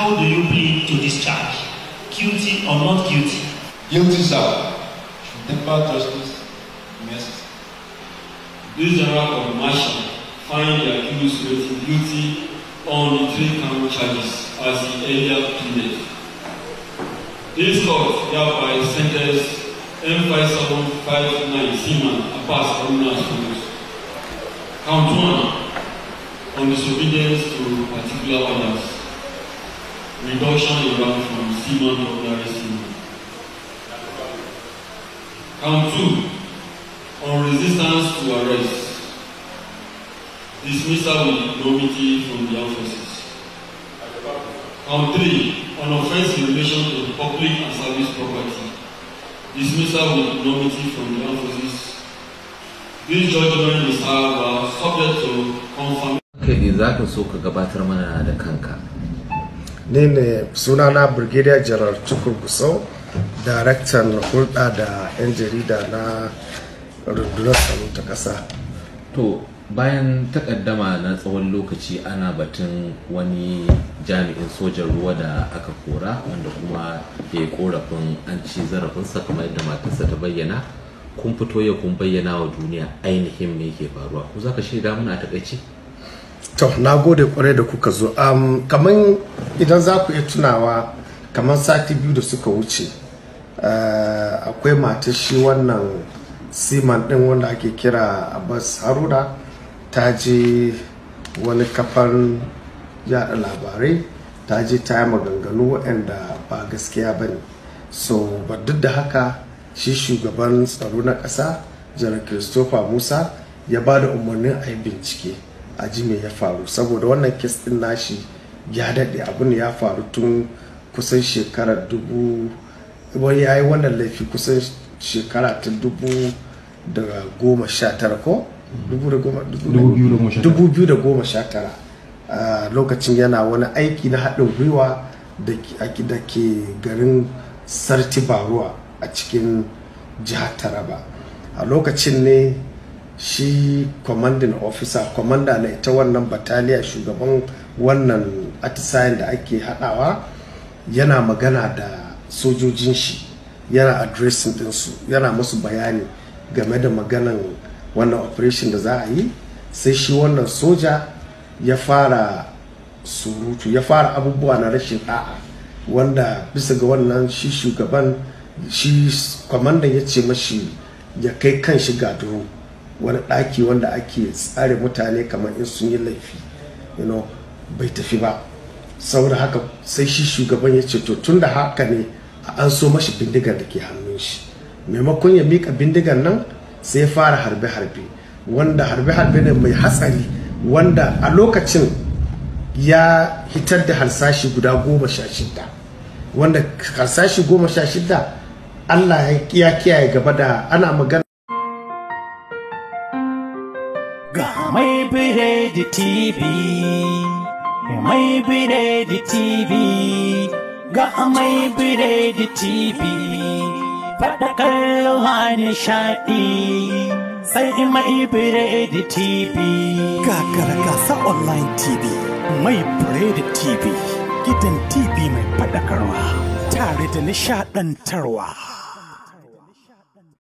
how do you plead to this charge? Guilty or not guilty? Guilty, sir. Should justice mercy. This general confirmation find the accused guilty, guilty on the three count charges as he earlier pleaded. This court hereby sentenced m five five seven nine Seaman Abbas Haruna as follows. Count one on disobedience to particular orders. reduction in rank from seaman to ordinary seaman. Count two, on resistance to arrest, dismissal with equanimity from the offices. Count three, on offence in relation to public and service property, dismissal with equanimity from the offices. This judgment is are subject to confirmation. Okay, za so ka gabatar kanka. ni ne sunana brigadier general chukur gusau daraktan hulɗa da 'yan jarida na rundunar tsaro ta ƙasa to bayan takaddama na tsawon lokaci ana batun wani jami'in sojan ruwa da aka kora wanda kuma ya yi korafin an ci zarafinsa kamar yadda matarsa ta bayyana kun fito ya kun bayyana wa duniya ainihin me yake faruwa ku za ka shaida mana a takaici to na gode kwarai da kuka zo um, kamar idan za ku iya tunawa kamar sati biyu da suka wuce eh, akwai mata shi wannan siman din wanda ake kira abbas haruna ta je wani kafan yada labarai ta je ta yi maganganu waɗanda ba gaskiya ba ne so ba duk da haka shi shugaban tsaro na ƙasa janar christopher musa ya ba da umarnin a yi bincike a ya faru saboda wannan kes din nashi ya daɗe abin ya faru tun kusan shekara dubu wani ya yi wannan laifi kusan shekara ta dubu da goma sha tara ko dubu biyu da goma sha tara lokacin yana wani aiki na haɗin gwiwa da ke garin sarti baruwa a cikin jihar taraba a lokacin ne shi commanding officer commander na ita wannan bataliya shugaban wannan atisayen da ake hadawa yana magana da sojojin shi yana addressing ɗinsu yana musu bayani game da maganan wannan operation da za a yi sai shi wannan soja ya fara surutu ya fara abubuwa na rashin da'a wanda bisa ga wannan shi shugaban shi kwamandan ya ce mashi ya kai kan shi wani ɗaki wanda ake tsare mutane kamar in sun yi laifi you know, bai tafi ba saboda haka sai shi shugaban ya ce to tun da haka ne a an so mashi bindigar da ke hannun shi maimakon ya mika bindigar nan sai fara harbe-harbe wanda harbe-harbe ne mai hatsari wanda a lokacin ya hitar da harsashi guda goma sha shida wanda harsashi goma sha shida allah ya kiyaye gaba da ana magana mai biredi tv mai biredi tv ga mai biredi tv faɗakar ruwa nishaɗi sai mai biredi tv kakar gasa online tv mai biredi tv gidan tv mai faɗakarwa tare da nishaɗantarwa